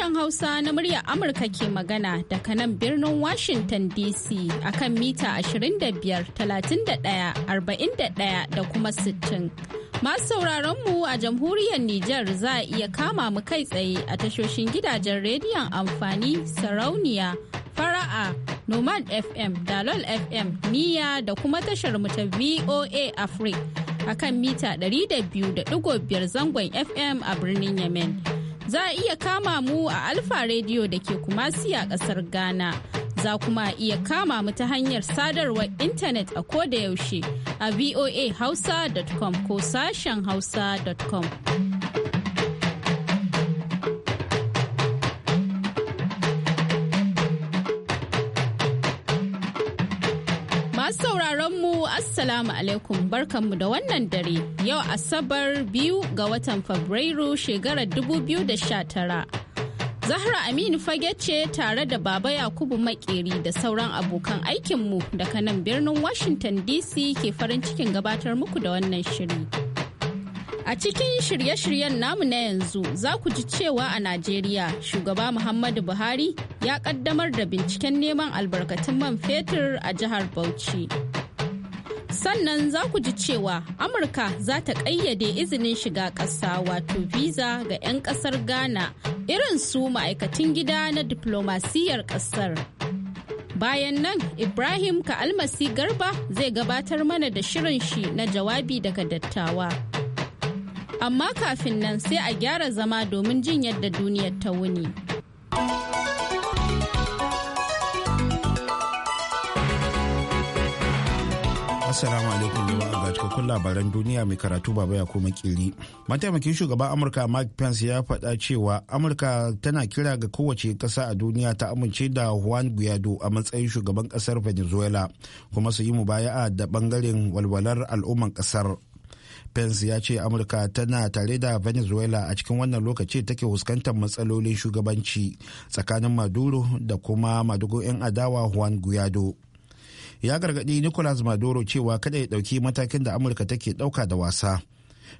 sashen Hausa na muryar Amurka ke magana daga nan birnin Washington DC akan mita 25, 31, 41 da kuma 60. Masu sauraron mu a jamhuriyar Nijar za a iya kama mu kai tsaye a tashoshin gidajen rediyon amfani sarauniya fara'a nomad fm dalol fm niya da kuma tashar mu ta voa africa akan mita 200.5 zangon fm a birnin yemen Za a iya kama mu a Alfa rediyo da ke Kumasi a ƙasar Ghana. Za kuma iya kama mu ta hanyar sadarwar intanet a koda yaushe a voahausa.com ko sashen hausa.com. Masu sauraron mu Assalamu alaikum barkanmu da wannan dare yau Asabar biyu ga watan Fabrairu shekarar 2019. Zahra Aminu fage ce tare da Baba Yakubu Makeri da sauran abokan aikinmu daga nan birnin Washington DC ke farin cikin gabatar muku da wannan shiri. A cikin shirye-shiryen namu na yanzu za ku ji cewa a Najeriya shugaba Muhammadu Buhari ya kaddamar da binciken neman albarkatun man fetur a jihar Bauchi. Sannan za ku ji cewa Amurka za ta ƙayyade izinin shiga ƙasa wato visa ga 'yan ƙasar Ghana irin su ma'aikatan gida na diflomasiyyar ƙasar. bayan nan ibrahim ka'almasi garba zai gabatar mana da shirin shi na jawabi daga dattawa Amma kafin nan sai a gyara zama domin jin yadda duniyar ta wuni. Assalamu alaikum jama'a ga cikakkun labaran duniya mai karatu baba ya kuma kiri. Mataimakin shugaban Amurka Mike Pence ya faɗa cewa Amurka tana kira ga kowace ƙasa a duniya ta amince da Juan Guaido a matsayin shugaban ƙasar Venezuela kuma su yi mubaya'a da ɓangaren walwalar al'umman ƙasar. pence ya ce amurka tana tare da venezuela a cikin wannan lokaci take fuskantar matsalolin shugabanci tsakanin maduro da kuma madugo adawa juan guaido ya gargaɗi nicolas maduro cewa kada ya ɗauki matakin da amurka take ɗauka da wasa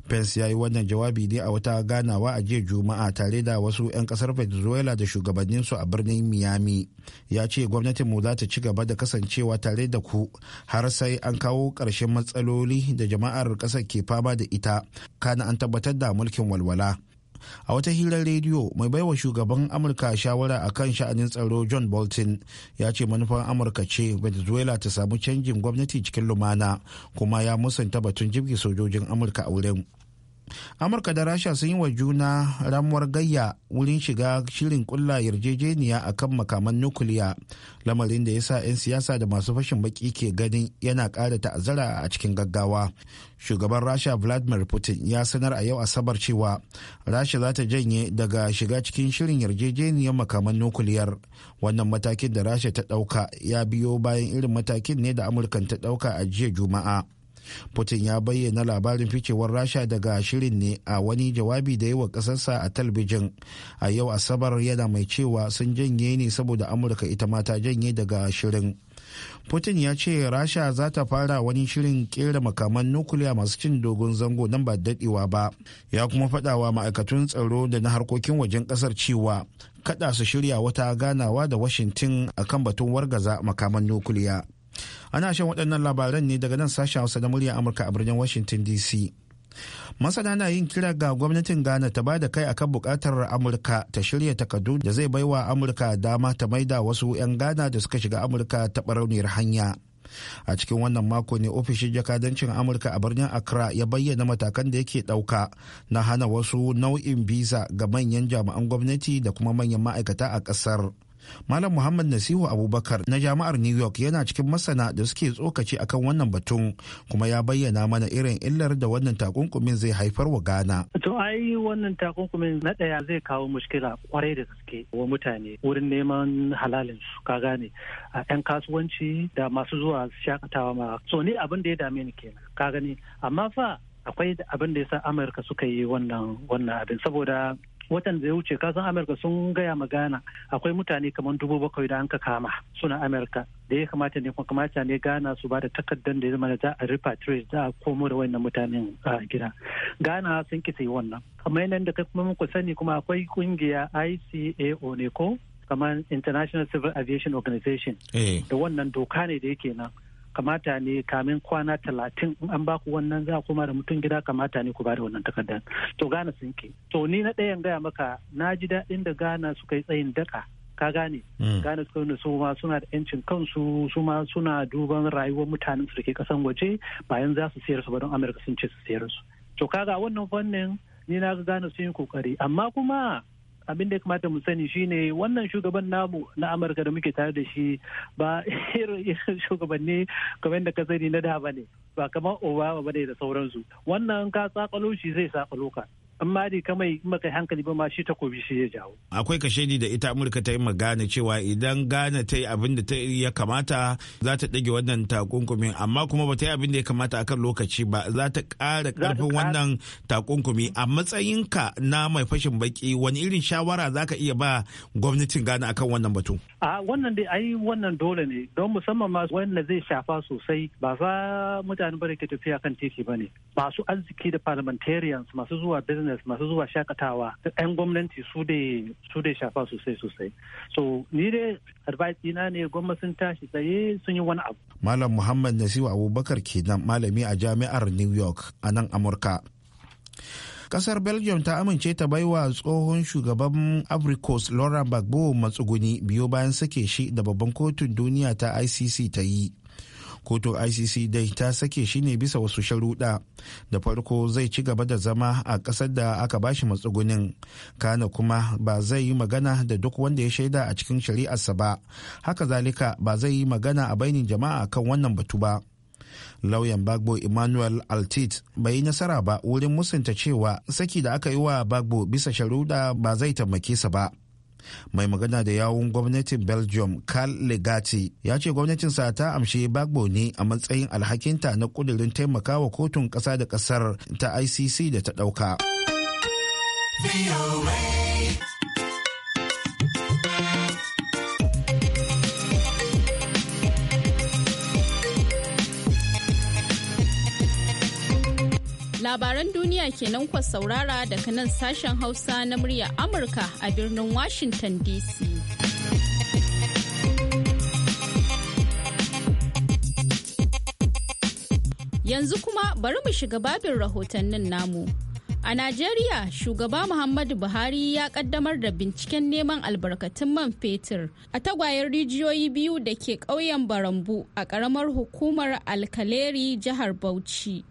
pence ya yi wannan jawabi ne a wata ganawa a jiya juma'a tare da wasu 'yan kasar venezuela da shugabanninsu a birnin miami ya ce mu za ta ci gaba da kasancewa tare da ku har sai an kawo ƙarshen matsaloli da jama'ar ƙasar ke fama da ita kana an tabbatar da mulkin walwala a wata hirar rediyo mai baiwa shugaban amurka shawara a kan sha'anin tsaro john bolton ya ce manufan amurka ce venezuela ta samu canjin gwamnati cikin lumana kuma ya musanta batun jibgi sojojin amurka a wurin amurka da rasha sun yi wa juna ramuwar gayya wurin shiga shirin kulla yarjejeniya a kan makaman nukuliya lamarin da ya sa 'yan siyasa da masu fashin baki ke ganin yana kara ta'azzara a cikin gaggawa shugaban rasha vladimir putin ya sanar a yau asabar cewa rasha za ta janye daga shiga cikin shirin yarjejeniyar makaman nukuliyar wannan matakin da rasha ta ɗauka ya biyo bayan irin matakin ne da amurkan ta ɗauka a jiya juma'a putin ya bayyana labarin ficewar rasha daga shirin ne a wani jawabi da yawa kasarsa a talbijin a yau asabar yana mai cewa sun janye ne saboda amurka ita ma ta janye daga shirin putin ya ce rasha za ta fara wani shirin kera makaman nukuliya masu cin dogon zango nan ba dadewa ba ya kuma fadawa ma'aikatun tsaro da na harkokin wajen kasar cewa kada su shirya wata ganawa da washington akan batun wargaza makaman nukuliya Ana shan waɗannan labaran ne daga nan sashen Hausa na murya Amurka a birnin Washington DC. Masana na yin kira ga gwamnatin Ghana ta ba da kai akan buƙatar Amurka ta shirya takardu da zai baiwa Amurka dama ta maida wasu 'yan Ghana da suka shiga Amurka ta barauniyar hanya. A cikin wannan mako ne ofishin jakadancin Amurka a birnin Accra ya bayyana matakan da yake ɗauka na hana wasu nau'in visa ga manyan jami'an gwamnati da kuma manyan ma'aikata a ƙasar. Malam Muhammad Nasihu Abubakar na jami'ar New York yana cikin masana da suke tsokaci akan wannan batun kuma ya bayyana mana irin illar da wannan takunkumin zai haifar wa Ghana. To ai wannan takunkumin na ɗaya zai kawo mushkila kwarai da gaske wa mutane wurin neman halalin su ka gane a ɗan kasuwanci da masu zuwa shakatawa ma. So ni abin da ya dame ni kenan ka gani amma fa akwai abin da ya sa amurka suka yi wannan wannan abin saboda watan da ya wuce kasan amurka sun gaya magana akwai mutane kamar dubu bakwai da an ka kama suna amurka da ya kamata ne kuma kamata ne gana su ba da takardar da ya zama za a repatriate za a komo da wannan mutanen a gida gana sun kisa yi wannan kamar yadda da kai kuma muku sani kuma akwai kungiya icao ne ko kamar international civil aviation organization eh. da wannan doka ne da yake nan kamata ne kamin kwana talatin in an baku wannan za kuma da mutum gida kamata ne ku ba da wannan takardar to gana sun ke to ni na ɗayan gaya maka na ji daɗin da gana suka yi tsayin daka ka gane mm. gane su ne suma suna da yancin kansu suma suna duban rayuwar mutanen su da ke kasan waje bayan za su sayar su ba don amurka sun ce su sayar su to kaga wannan fannin ni na ga gane sun yi kokari amma kuma abin da ya kamata mu sani shine wannan shugaban namu na amurka da muke tare da shi ba irin shugabanni kamar da ka sani na da ba ne ba kamar obama ba ne da sauransu wannan ka tsakalo shi zai tsakalo ka amma dai kamai in maka hankali ba ma shi takobi shi ya jawo. Akwai kashedi da ita Amurka ta yi magana cewa idan Ghana ta yi abin da ya kamata za ta ɗage wannan takunkumin amma kuma ba ta yi abin da ya kamata akan lokaci ba za ta ƙara ƙarfin wannan takunkumi a matsayinka na mai fashin baki wani irin shawara za ka iya ba gwamnatin Ghana akan wannan batu. A wannan dai ai wannan dole ne don musamman ma wanda zai shafa sosai ba za mutane bari ka tafiya kan titi ba ne masu arziki da parliamentarians masu zuwa business business masu zuwa shakatawa yan gwamnati su da su da shafa sosai sosai so ni dai advice dina ne gwamnati sun tashi tsaye sun yi wani abu malam muhammad nasiru abubakar kenan malami a jami'ar new york a nan amurka kasar belgium ta amince ta baiwa tsohon shugaban africos laurent gbagbo matsuguni biyo bayan sake shi da babban kotun duniya ta icc ta yi kotu icc dai ta sake shi ne bisa wasu sharuɗa da farko zai ci gaba da zama a ƙasar da aka bashi matsugunin kana kuma ba zai yi magana da duk wanda ya shaida a cikin shari'arsa ba haka zalika ba zai yi magana a bainin jama'a kan wannan batu ba lauyan bagbo emmanuel altit bai yi nasara ba wurin musanta cewa saki da aka yi wa bagbo bisa sharuɗa ba zai taimake sa ba mai magana da yawun gwamnatin belgium karl legati ya ce sa ta amshi bagbo ne a matsayin alhakinta na kudirin taimakawa kotun kasa da kasar ta icc da ta ɗauka. Labaran duniya kenan kwa saurara daga nan sashen Hausa na murya Amurka a birnin Washington DC. Yanzu kuma bari mu shiga babin rahotannin namu. A Najeriya, shugaba Muhammadu Buhari ya kaddamar da binciken neman albarkatun man fetur a tagwayen rijiyoyi biyu da ke ƙauyen Barambu a ƙaramar hukumar Alkaleri jihar Bauchi.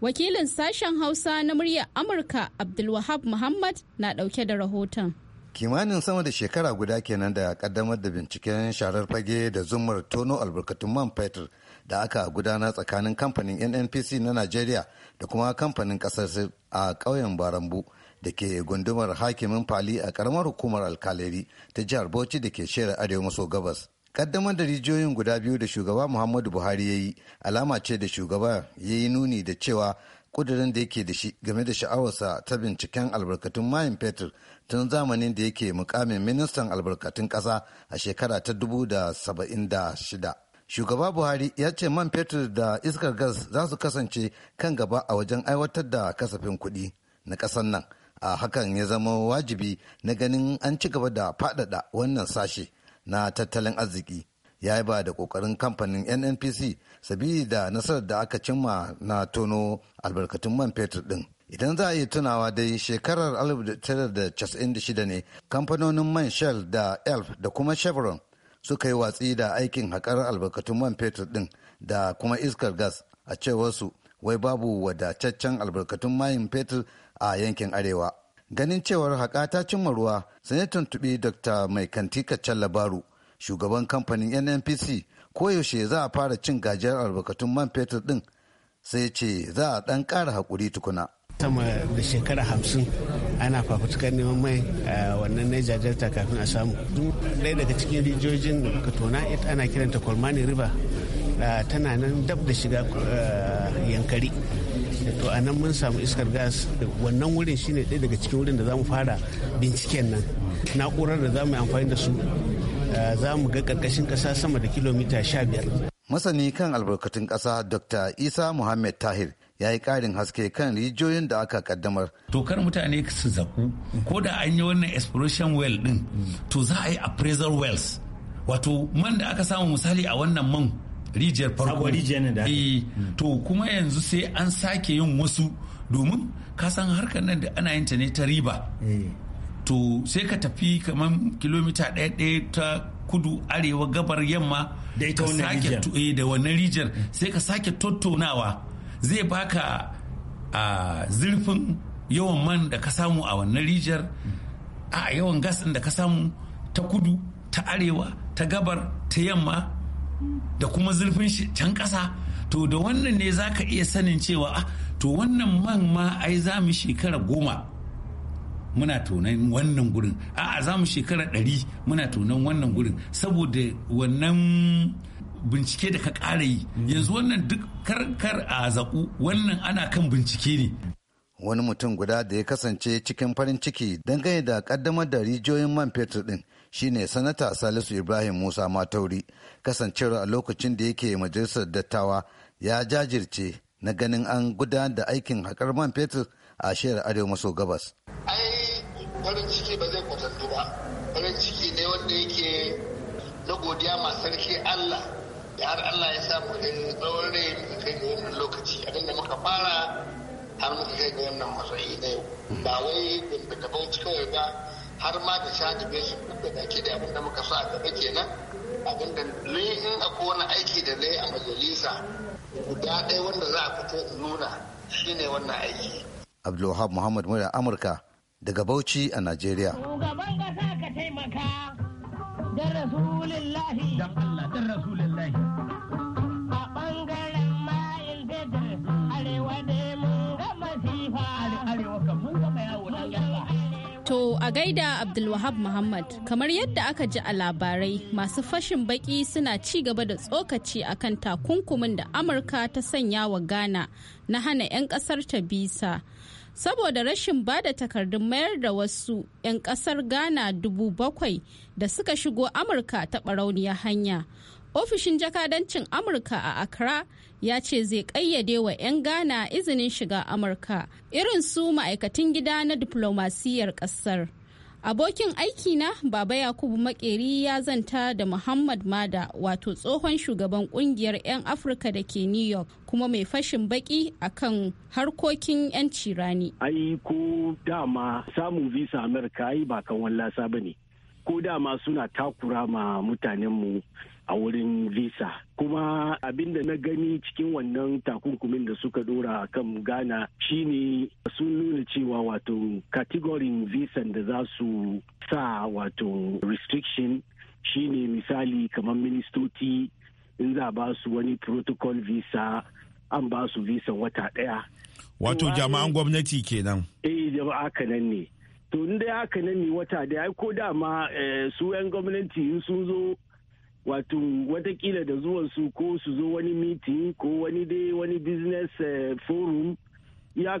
Wakilin sashen Hausa na muryar Amurka Abdulwahab Muhammad na ɗauke da rahoton. Kimanin sama da shekara guda kenan da kaddamar da binciken sharar fage da zumar tono albarkatun man fetur da aka gudana tsakanin kamfanin NNPC na Najeriya da kuma kamfanin ƙasar a ƙauyen Barambu da ke gundumar hakimin Fali a ƙaramar hukumar alkaleri ta jihar Bauchi da ke shirin arewa maso gabas. kaddamar da rijiyoyin guda biyu da shugaba muhammadu buhari ya yi alama ce da shugaba ya yi nuni da cewa kudirin da yake da shi game da sha'awarsa ta binciken albarkatun mayan fetur tun zamanin da yake mukamin ministan albarkatun ƙasa a shekara ta 1976 shugaba buhari ya ce man fetur da iskar gas za su kasance kan gaba a wajen aiwatar da kasafin kuɗi na ƙasar nan a hakan ya zama wajibi na ganin an ci gaba da faɗaɗa wannan sashe na tattalin arziki ya yi ba da kokarin kamfanin nnpc sabili da nasarar da aka cimma na tono albarkatun man fetur din idan za a yi tunawa dai shekarar 1996 ne kamfanonin man shell da elf da kuma chevron suka yi watsi da aikin haƙar albarkatun man fetur din da kuma iskar gas a cewarsu wai babu wadataccen albarkatun mayin fetur a yankin arewa ganin cewar haƙa ta cimma ruwa sai tuntuɓi dr mai kanti kaccen labaru shugaban kamfanin nnpc koyaushe za a fara cin gajiyar albarkatun man fetur ɗin sai ce za a ɗan ƙara haƙuri tukuna sama da shekara hamsin ana fafutukar neman mai a wannan Niger Delta kafin a samu. Ɗaya daga cikin rijojin Katona ana kiranta Kolmani River tana nan dab da shiga yankari. to a nan mun samu iskar gas wannan wurin shine ɗaya daga cikin wurin da za mu fara binciken nan na'urar da za mu yi amfani da su eh, za mu ga ƙarƙashin ƙasa sama da kilomita sha biyar. masani kan albarkatun ƙasa dr isa muhammad tahir ya yi ƙarin haske kan rijiyoyin da aka kaddamar. Tokar mutane su zaku ko da an yi wannan exploration well din to za a yi appraisal wells wato man da aka samu misali a wannan man rijiyar farko eh hmm. to kuma yanzu sai an sake yin wasu domin ka san harkar nan da ana yin ta ne ta riba eh. to sai ka tafi kamar kilomita ɗaya ɗaya ta kudu arewa gabar yamma da ita eh, wannan rijiyar hmm. sai ka sake tattaunawa zai baka a zurfin yawan man da ka samu a wannan rijiyar hmm. a yawan gas da ka samu ta kudu ta arewa ta gabar ta yamma da kuma zurfin shi can ƙasa to da wannan ne za ka iya sanin cewa ah, to wannan man ma ai za mu shekara goma muna tunan wannan gurin a'a za mu shekara ɗari muna tunan wannan gurin saboda wannan bincike da ka ƙara yi yanzu wannan duk karkar a zaƙu wannan ana kan bincike ne wani mutum guda da ya kasance cikin farin ciki dangane da ƙaddamar da rijiyoyin man fetur ɗin shine sanata salisu ibrahim musa matauri kasancewa a lokacin da yake majalisar dattawa ya jajirce na ganin an gudanar da aikin haƙar man fetur a shiyar arewa maso gabas ai farin ciki ba zai kwatantu ba farin ciki ne wanda yake na godiya masu sarki allah da har allah ya samu da tsawon rai muka kai ga wannan lokaci abinda muka fara har muka kai ga wannan matsayi na yau ba wai da kawai ba har ma da sha da gashi da baki da abin da muka sa a gaba kenan abin da ni in akwai wani aiki da nayi a majalisa guda ɗaya wanda za a fito in nuna shine wannan aiki. Abdulwahab Muhammad Mura Amurka daga Bauchi a Najeriya. Shugaban kasa ka taimaka da Rasulillahi. Dan Allah A gaida Abdulwahab Muhammad, kamar yadda aka ji a labarai masu fashin baki suna ci gaba da tsokaci akan takunkumin da Amurka ta sanya wa Ghana na hana 'yan kasar ta bisa. Saboda rashin ba da takardun mayar da wasu 'yan kasar Ghana dubu bakwai da suka shigo Amurka ta barauniyar hanya. Ofishin jakadancin Amurka a Accra ya ce zai kayyade wa 'yan Ghana izinin shiga Amurka irin su ma'aikatan gida na diplomasiyyar kasar. Abokin aiki na Baba Yakubu Makeri ya zanta da Muhammad Mada wato tsohon shugaban kungiyar 'yan Afirka da ke New York kuma mai fashin baki akan harkokin 'yanci rani. Ai ko dama samun visa Amurka ai ba kan wallasa ba ne. Ko dama suna takura ma mutanenmu a wurin visa kuma abinda na gani cikin wannan takunkumin da suka dora kan ghana shine sun nuna cewa wato katigorin visa da za su sa wato restriction shine misali kamar ministoci in za ba su wani protocol visa an ba su visa wata daya wato jama'an gwamnati kenan eh jama'a kanan ne to in dai haka nan ne wata da ko dama eh, su 'yan gwamnati sun zo wato watakila da zuwan su ko su zo wani meeting ko wani dai wani business eh, forum ya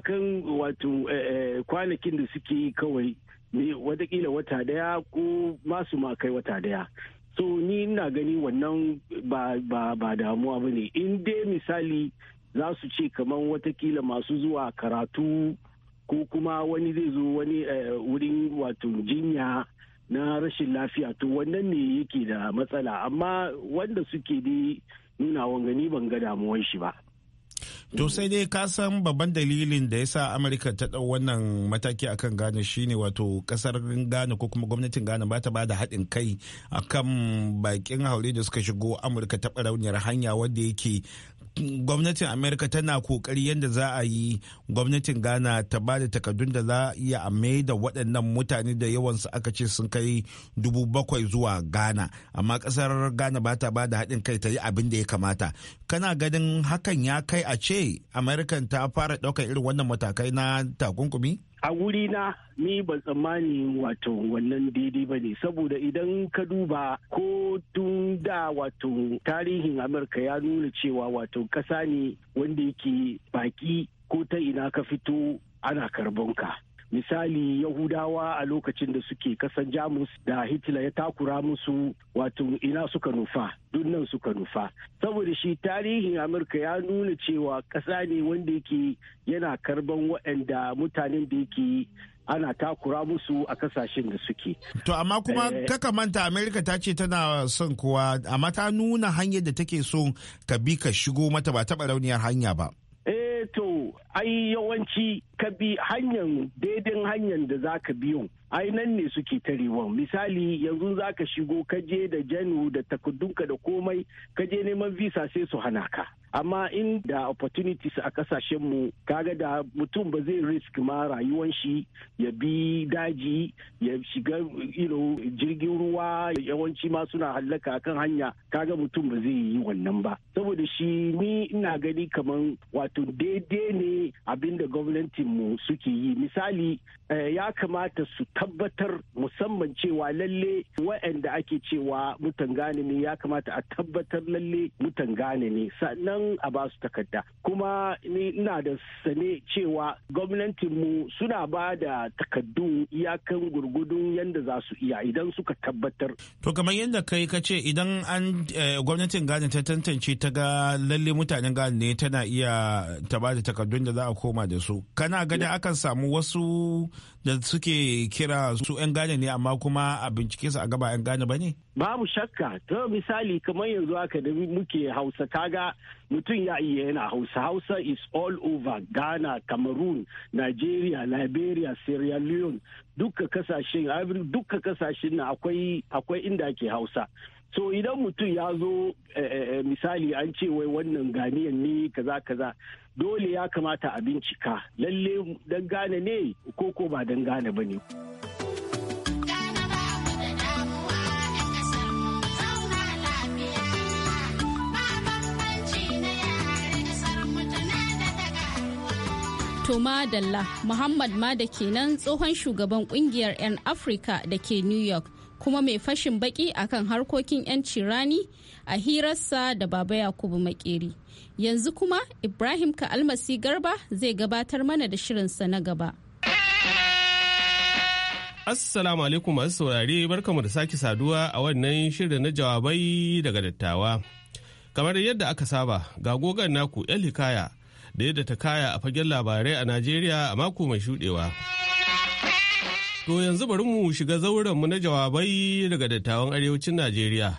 wato eh, eh, kwanakin da suke kawai watakila wata daya ko masu makai wata daya so ni ina gani wannan ba damuwa ba ne in dai misali za su ce kamar watakila masu zuwa karatu ko kuma wani zai zo wani wurin wato jinya na rashin lafiya to wannan ne yake da matsala amma wanda suke dai nuna wangani ban ga damuwan shi ba to sai dai ka san babban dalilin da ya sa amurka ta ɗau wannan mataki akan ghana shine wato kasar ghana ko kuma gwamnatin ghana ba ta bada haɗin kai akan bakin haure da suka shigo amurka ta barauniyar hanya wanda yake gwamnatin amerika tana kokari yadda za a yi gwamnatin ghana ta ba da takardun da za a iya a mai da waɗannan mutane da yawansu aka ce sun kai dubu bakwai zuwa ghana amma ƙasar ghana ba ta ba da haɗin kai ta yi abin da ya kamata kana ganin hakan ya kai a ce amerika ta fara ɗaukar irin wannan matakai na takunkumi a wuri na ni ba tsammani wato wannan daidai ba ne saboda idan ka duba ko tun da wato tarihin amurka ya nuna cewa wato ƙasa ne wanda yake baki ko ta ina ka fito ana karbonka misali yahudawa a lokacin da suke kasan jamus da hitler ya takura musu wato ina suka nufa dunnan suka nufa saboda shi tarihin amurka ya nuna cewa ƙasa ne wanda yake yana karban waɗanda mutanen da yake ana takura musu a kasashen da suke. To amma kuma eh. kaka manta Amerika ta ce tana son kowa amma ta nuna hanyar da take son ka bi ka shigo mata ba taɓa rauniyar hanya ba. Eh, to ai yawanci ka bi hanyar daidai hanyar da za ka biyo ai nan ne suke tarewan misali yanzu za ka shigo ka je da janu da takardunka da komai ka je neman visa sai su hana ka amma in da opportunities a kasashen mu kaga da mutum ba zai risk ma rayuwan shi ya bi daji ya shiga jirgin ruwa yawanci ma suna hallaka kan hanya kaga mutum ba zai yi wannan ba saboda shi ni ina gani kamar wato daidai ne abinda gwamnatin mu suke yi misali eh, ya kamata su tabbatar musamman cewa lalle waɗanda ake cewa mutan gane ne ya kamata a tabbatar lalle mutan gane ne sannan a ba su takarda kuma ni ina da sane cewa gwamnatin mu suna ba da takardu iyakan gurgudun yadda za su iya idan suka tabbatar. To kamar yadda kai ka ce idan an eh, gwamnatin gane ta tantance ta ga lalle mutanen gane ne tana iya ta ba da takardun da za a koma da su. Kana gada akan samu wasu da suke kira kira su 'yan gane ne amma kuma a bincike su a gaba 'yan gane ba ne? Babu shakka, ta misali kamar yanzu aka da muke Hausa kaga mutum ya iya yana Hausa. Hausa is all over Ghana, Cameroon, Nigeria, Liberia, Sierra Leone, dukka kasashen, duka kasashen na akwai inda ake Hausa. so idan mutum ya zo eh, eh, eh, misali an ce wai wannan ganiyan ne kaza kaza dole ya kamata a bincika lalle dangane ne ko ko ba dangane ba ne. Toma Dalla Muhammad ma da kenan tsohon shugaban kungiyar 'yan Afirka da ke New York kuma mai fashin baki akan harkokin yan rani a hirarsa da Baba Yakubu Makeri. Yanzu kuma Ibrahim Ka'almasi Garba zai gabatar mana da shirinsa na gaba. Assalamu alaikum masu saurare barkamu da sake saduwa a wannan shirin na jawabai daga dattawa. Kamar yadda aka saba ga gogon naku yan hikaya da yadda ta kaya a fagen labarai a Najeriya a mako mai shudewa. To yanzu bari mu shiga zauren mu na jawabai daga dattawan arewacin Najeriya.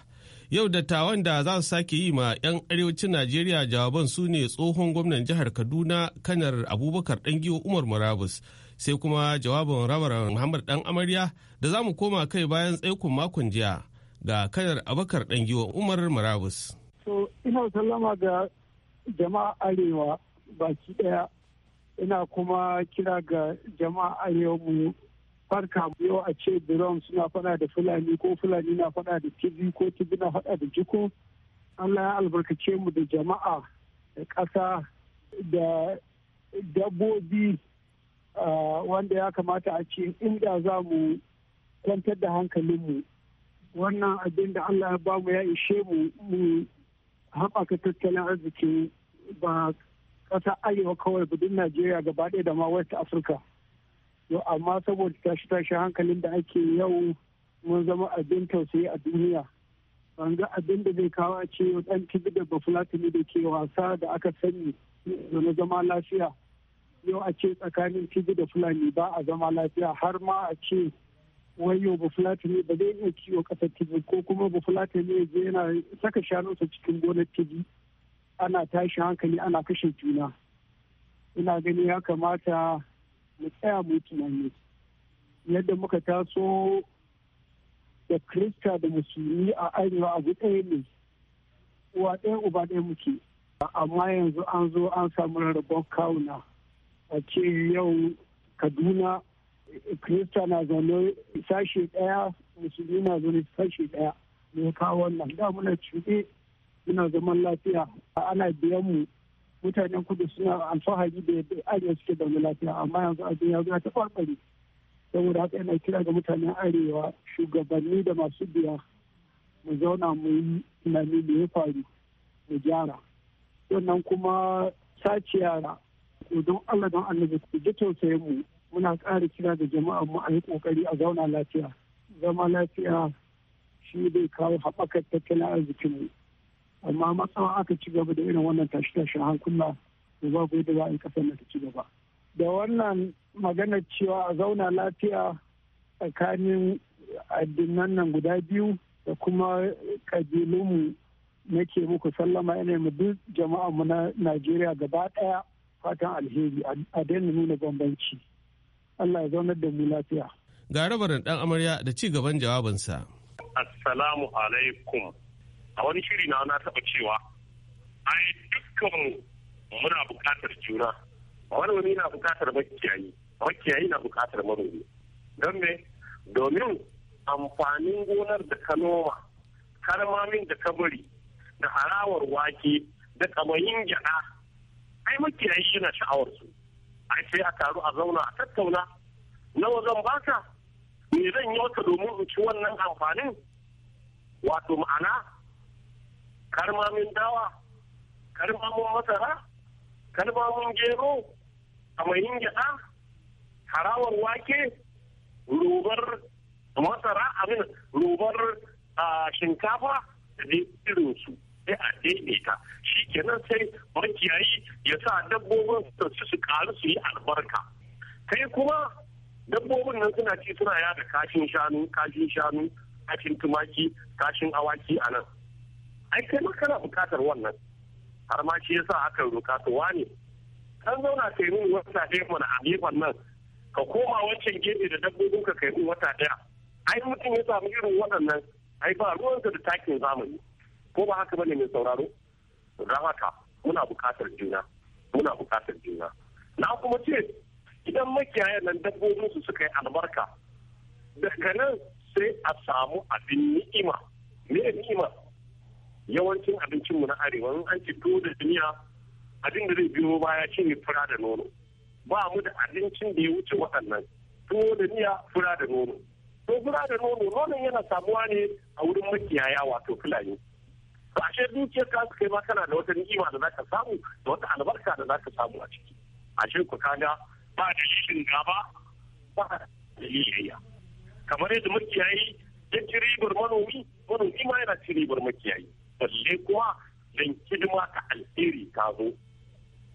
Yau dattawan da za su sake yi ma 'yan arewacin Najeriya jawaban su ne tsohon gwamnan jihar Kaduna kanar Abubakar Dangiwa Umar Murabus sai kuma jawabin rabar Muhammad Dan Amarya da za mu koma kai bayan tsaikon makon jiya ga kanar Abubakar Dangiwa Umar Murabus. ina sallama ga jama'a arewa baki daya ina kuma kira ga jama'a arewa mu farka yau a ce biron suna fada da fulani ko fulani na fada da tibi ko tibi na fada da jiko allah ya albarkace mu da jama'a da ƙasa da dabbobi wanda ya kamata a ce inda za mu kwantar da hankalinmu wannan abin da allah ya bamu ya ishe mu mu haɓaka tattalin arzikin ba ƙasa arewa kawai budin najeriya gaba ɗaya da ma west afirka to amma saboda tashi tashi hankalin da ake yau mun zama abin tausayi a duniya ban ga abin da zai kawo ce dan tibi da bafulatini da ke wasa da aka sani na zama lafiya yau a ce tsakanin tibi da fulani ba a zama lafiya har ma a ce yau bafulatini ba zai iya kiwo kasar tibi ko kuma bafulatini ya yana saka shanunsa cikin gonar tibi ana tashi hankali ana kashe juna ina gani ya kamata mu tsaya mu tunani yadda muka taso da krista da musulmi a arewa abu ɗaya ne uwa ɗaya uba ɗaya muke amma yanzu an zo an samu rarrabon kawuna a ce yau kaduna krista na zaune sashe ɗaya musulmi na zaune sashe ɗaya ne kawo wannan da muna cuɗe muna zaman lafiya ana biyan mu mutanen kudu suna alfahari da yadda arewa suke wani lafiya amma yanzu abin ya zo ya saboda haka yana kira ga mutanen arewa shugabanni da masu biya mu zauna mu yi tunani da ya faru mu gyara sannan kuma sace yara don allah don annabi ku ji tausayin mu muna ƙara kira ga jama'a mu a yi ƙoƙari a zauna lafiya zama lafiya shi bai kawo haɓakar tattalin arzikinmu amma matsawa aka ci gaba da irin wannan tashi tashi hankula da ba yadda za a yi kasar na ta ci gaba da wannan maganar cewa a zauna lafiya tsakanin addinan nan guda biyu da kuma ƙabilunmu nake muku sallama yana mu duk mu na najeriya gaba ɗaya fatan alheri a daina nuna bambanci allah ya zaunar da mu lafiya ga rabarin dan amarya da ci gaban jawabinsa assalamu alaikum a wani shiri na na taɓa cewa ai dukkanmu muna buƙatar juna manomi na buƙatar makiyayi makiyayi na buƙatar manomi don me domin amfanin gonar da ka noma karmamin da ka bari da harawar wake da kamayin gyaɗa ai makiyayi yana sha'awar su ai sai a taru a zauna a tattauna nawa zan baka me zan yi wata domin in ci wannan amfanin wato ma'ana karmamin dawa karmamin masara karmamin gero amayin gyaɗa harawar wake rubar masara abin rubar shinkafa da irin su sai a daidaita shi kenan sai makiyayi ya sa dabbobin su su karu su yi albarka kai kuma dabbobin nan suna ci suna yada kashin shanu kashin shanu kashin tumaki kashin awaki a nan ai kai ma kana bukatar wannan har ma shi yasa aka roka to wani kan zauna kai mun wata ɗaya mana a gefen nan ka koma wancan gefe da dabbobin ka kai mun wata ɗaya ai mutum ya samu irin waɗannan ai ba ruwansa da takin zamani ko ba haka bane mai sauraro don muna bukatar juna muna bukatar juna na kuma ce idan makiyayan nan dabbobin su suka yi albarka daga nan sai a samu abin ni'ima me ni'ima yawancin abincinmu na arewa in an ci tuwo da duniya abin da zai biyo baya shi ne fura da nono ba mu da abincin da ya wuce waɗannan tuwo da niya fura da nono to fura da nono nonon yana samuwa ne a wurin makiyaya wato fulani to ashe dukiyar ka suka yi kana da wata ni'ima da zaka samu da wata albarka da zaka samu a ciki ashe ku kaga ba dalilin gaba ba daliliyayya kamar yadda makiyayi ya ci ribar manomi manomi ma yana ci ribar makiyayi balle kuma don hidima ka alheri kazo. zo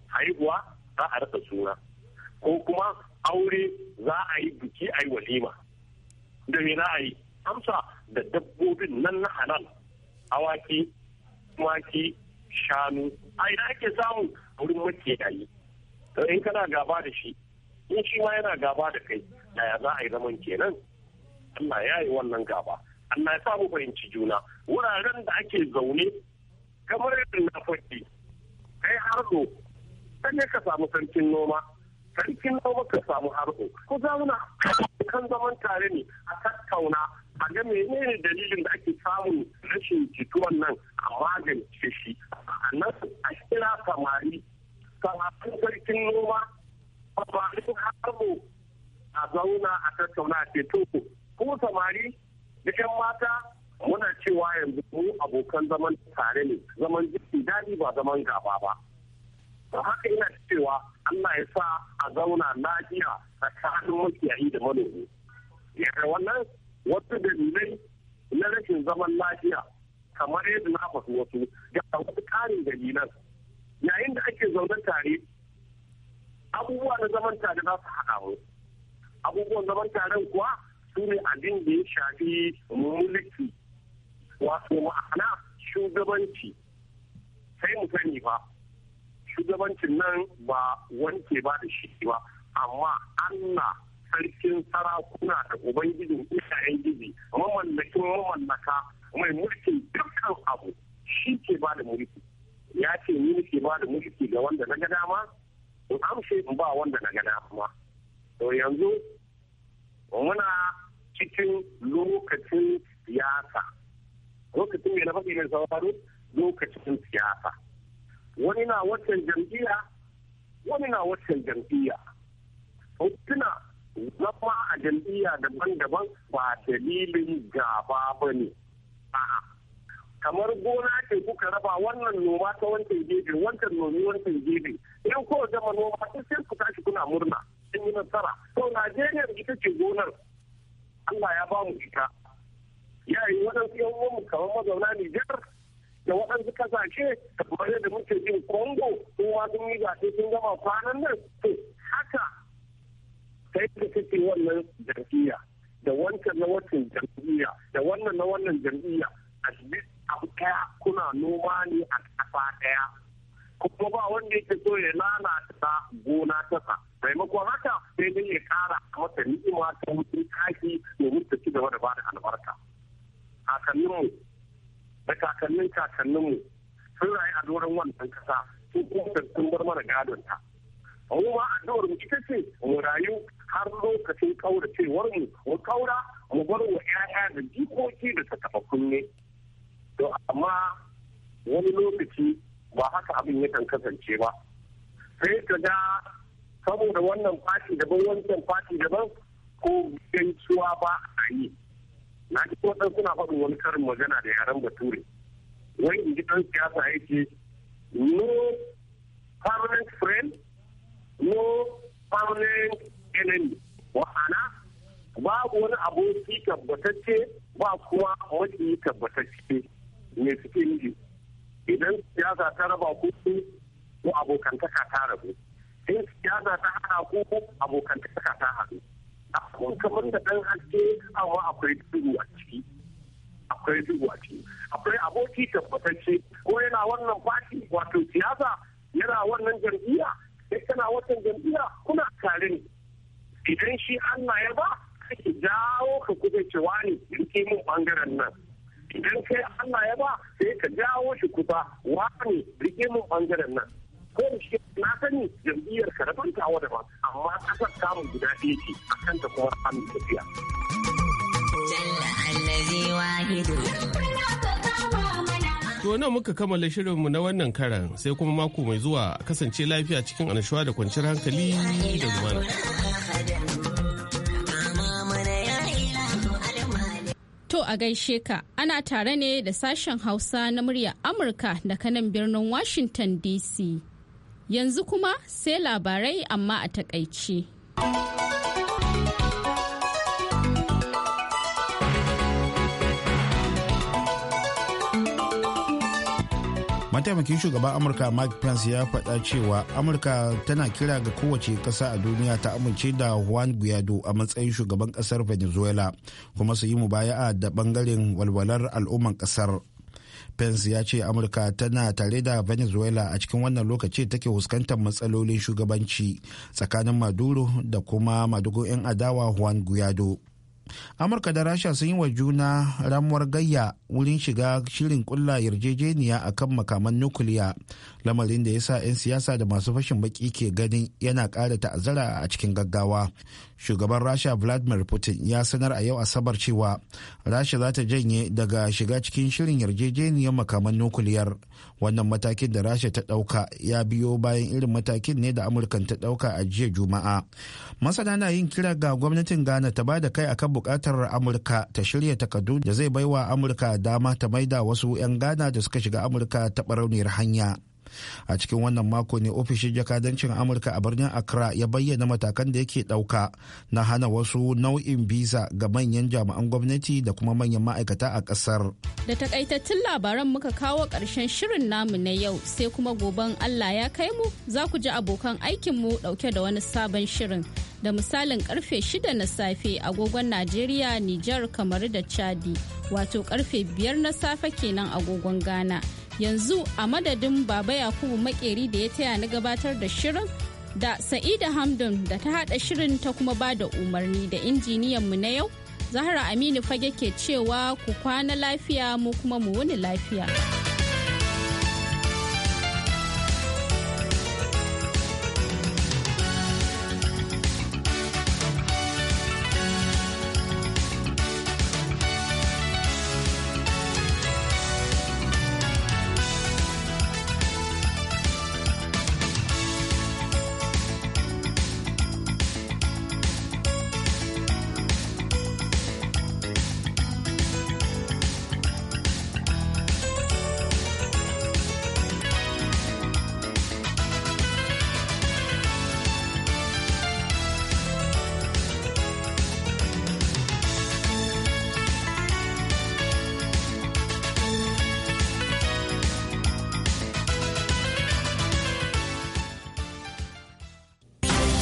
haihuwa za a rasa suna ko kuma aure za a yi biki a yi walima da me za a yi amsa da dabbobin nan na halal awaki tumaki shanu a ina ake samu wurin yi to in kana gaba da shi in shi ma yana gaba da kai da ya za a yi zaman kenan Allah ya yi wannan gaba Allah ya sa mu fahimci juna wuraren da ake zaune kamar yadda na faɗi kai harzo kan ka samu sarkin noma sarkin noma ka samu harzo ko zauna kan zaman tare ne a tattauna a ga menene dalilin da ake samun rashin jituwan nan a magance shi a nan a kira samari samarin sarkin noma samarin harzo a zauna a tattauna a ce to ko samari dukkan mata muna cewa yanzu mu abokan zaman tare ne zaman jiki daɗi ba zaman gaba ba Ba haka ina cewa Allah ya sa a zauna lafiya tsakanin makiyayi da manomi yadda wannan wasu dalilai na rashin zaman lafiya kamar yadda na fasu wasu ga wasu ƙarin dalilan yayin da ake zaune tare abubuwa na zaman tare za su haɗa mu abubuwan zaman taren kuwa su ne abin da ya shafi mulki wato ma'ana shugabanci sai mu sani ba shugabancin nan ba wanke ba da shi ba amma Allah sarkin sarakuna da ubangijin iyayen gizi mamallakin mamallaka mai mulkin dukkan abu shi ke ba da mulki ya ce ni ke ba da mulki ga wanda na gada ma in amshe ba wanda na gada ma to yanzu muna cikin lokacin siyasa lokacin mai na faɗi mai sauraro lokacin siyasa wani na wancan jam'iyya wani na waccan jam'iyya hotuna zama a jam'iyya daban-daban ba dalilin gaba ba ne kamar gona ce kuka raba wannan noma ta wancan gebe wancan nomi wancan gebe in ko zama noma sai ku tashi kuna murna sun yi nasara to najeriya ita ce gonar Allah ya ba mu ita yi waɗansu yan uwanmu kamar mazauna Nijar da waɗansu kasashe kamar yadda muke jin Congo sun wasu sun yi zaɓe sun gama kwanan nan to haka sai da kake wannan jam'iyya da wancan na wancan jam'iyya da wannan na wannan jam'iyya a abu ɗaya kuna noma ne a ƙasa ɗaya kuma ba wanda yake so ya lalata gona tasa maimakon haka sai dai ya kara mata ni'ima ta wucin kaki domin ta ci gaba da bada albarka kakanninmu da kakannin kakanninmu sun rayu a doron wannan kasa sun kuma sun bar mana gadon ta mu ma addu'ar mu ita ce mu rayu har lokacin cewar mu mu kaura mu bar wa 'ya'ya da jikoki da ta taɓa kunne to amma wani lokaci ba haka abin yakan kasance ba sai ka ga saboda wannan fati daban wancan fati daban ko gaisuwa ba a yi na ji ɗan suna faɗin wani karin magana da yaren bature wai in ji ɗan siyasa yake no permanent friend no permanent enemy wa'ana babu wani aboki tabbatacce ba kuma wani tabbatacce ne suke idan siyasa ta raba ku ko abokantaka ta rabu in siyasa ta hana ku abokantaka ta haɗu kun kamar da ɗan haske amma akwai duhu a ciki akwai duhu a ciki akwai aboki tabbatacce ko yana wannan fashi wato siyasa yana wannan jam'iyya sai kana wannan jam'iyya kuna tare ne idan shi Allah ya ba kake jawo ka kuɗe cewa ne yake mun bangaren nan idan sai Allah ya ba sai ka jawo shi kusa wani rike mun bangaren nan ko shi na sani jam'iyyar ka daban ta wada ba amma kasar samun guda ɗaya ce a kan ta kuma an tafiya. To nan muka kammala shirin mu na wannan karan sai kuma mako mai zuwa kasance lafiya cikin annashuwa da kwanciyar hankali da zuwa. To a gaishe ka ana tare ne da sashen Hausa na murya Amurka daga nan birnin Washington DC. Yanzu kuma sai labarai amma a takaice. mataimakin shugaban amurka mark pence ya faɗa cewa amurka tana kira ga kowace ƙasa a duniya ta amince da juan guaido a matsayin shugaban ƙasar venezuela kuma su yi mubaya'a da bangaren walwalar al'umman ƙasar pence ya ce amurka tana tare da venezuela a cikin wannan lokaci take fuskantar matsalolin shugabanci tsakanin maduro da kuma madugo 'yan adawa juan guaido amurka da rasha sun yi wa juna ramuwar gayya wurin shiga shirin kulla yarjejeniya a kan makaman nukiliya lamarin da ya sa 'yan siyasa da masu fashin baki ke ganin yana ƙara ta'azzara a cikin gaggawa shugaban rasha vladimir putin ya sanar a yau asabar cewa rasha za ta janye daga shiga cikin shirin yarjejeniyar makaman nukuliyar wannan matakin da rasha ta dauka ya biyo bayan irin matakin ne da amurkan ta dauka a jiya juma'a masana na yin kira ga gwamnatin ghana ta ba da kai akan bukatar amurka ta shirya takardu da zai baiwa amurka dama ta maida wasu 'yan ghana da suka shiga amurka ta barauniyar hanya a cikin wannan mako ne ofishin jakadancin amurka a birnin accra ya bayyana matakan da yake ɗauka na hana wasu nau'in visa ga manyan jami'an gwamnati da kuma manyan ma'aikata a ƙasar da takaitattun labaran muka kawo ƙarshen shirin namu na yau sai kuma goben allah ya kai mu za ku ji abokan aikinmu ɗauke da wani sabon shirin da misalin karfe 6 na safe agogon Najeriya, Nijar, kamar da Chadi, wato karfe 5 na safe kenan agogon Ghana. yanzu a madadin baba yakubu makeri da ya taya na gabatar da shirin da sa'ida hamdun da ta hada shirin ta kuma ba da umarni da injiniyan mu na yau zahra aminu fage ke cewa ku kwana lafiya mu kuma mu wuni lafiya.